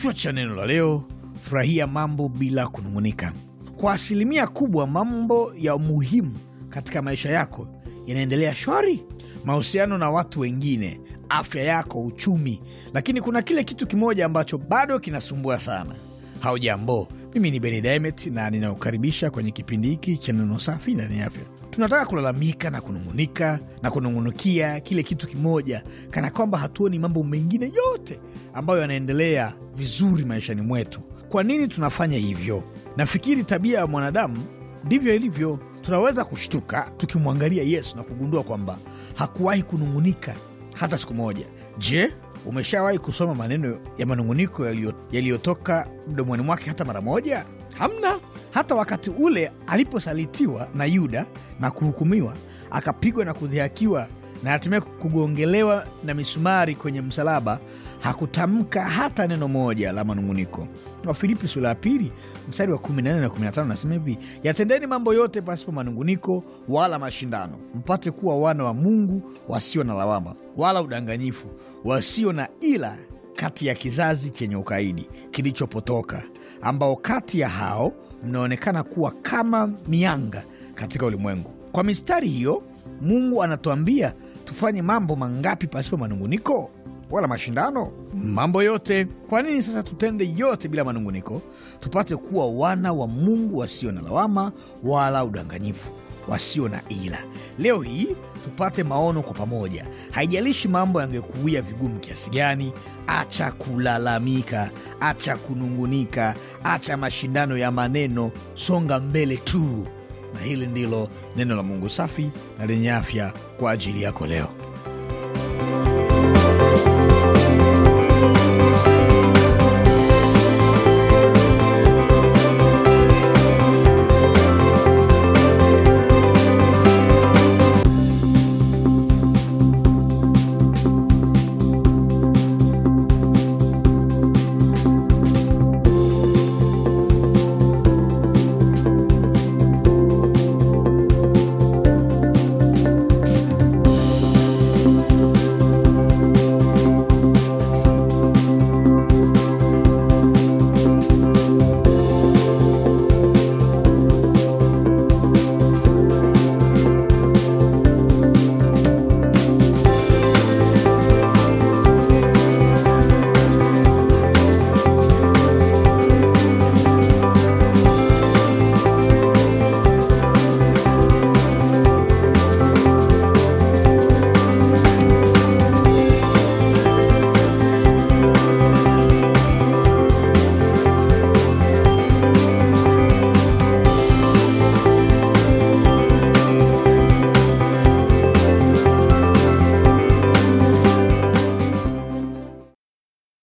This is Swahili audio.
Kichwa cha neno la leo: furahia mambo bila kunung'unika. Kwa asilimia kubwa, mambo ya umuhimu katika maisha yako yanaendelea shwari, mahusiano na watu wengine, afya yako, uchumi, lakini kuna kile kitu kimoja ambacho bado kinasumbua sana. Haujambo, mimi ni Beni Dimet na ninakukaribisha kwenye kipindi hiki cha neno safi na afya tunataka kulalamika na kunung'unika na kunung'unikia kile kitu kimoja, kana kwamba hatuoni mambo mengine yote ambayo yanaendelea vizuri maishani mwetu. Kwa nini tunafanya hivyo? Nafikiri tabia ya mwanadamu ndivyo ilivyo. Tunaweza kushtuka tukimwangalia Yesu na kugundua kwamba hakuwahi kunung'unika hata siku moja. Je, umeshawahi kusoma maneno ya manung'uniko yaliyotoka mdomoni mwake hata mara moja? Hamna. Hata wakati ule aliposalitiwa na Yuda na kuhukumiwa, akapigwa na kudhihakiwa na hatimaye kugongelewa na misumari kwenye msalaba, hakutamka hata neno moja la manung'uniko. Wafilipi sura ya pili mstari wa 14 na 15 nasema hivi: yatendeni mambo yote pasipo manunguniko wala mashindano, mpate kuwa wana wa Mungu wasio na lawama wala udanganyifu, wasio na ila kati ya kizazi chenye ukaidi kilichopotoka, ambao kati ya hao mnaonekana kuwa kama mianga katika ulimwengu. Kwa mistari hiyo, Mungu anatuambia tufanye mambo mangapi pasipo manunguniko? wala mashindano hmm. mambo yote. Kwa nini sasa tutende yote bila manunguniko, tupate kuwa wana wa Mungu wasio na lawama wala udanganyifu, wasio na ila. Leo hii tupate maono kwa pamoja. Haijalishi mambo yangekuwia vigumu kiasi gani, acha kulalamika, acha kunungunika, acha mashindano ya maneno, songa mbele tu. Na hili ndilo neno la Mungu safi na lenye afya kwa ajili yako leo.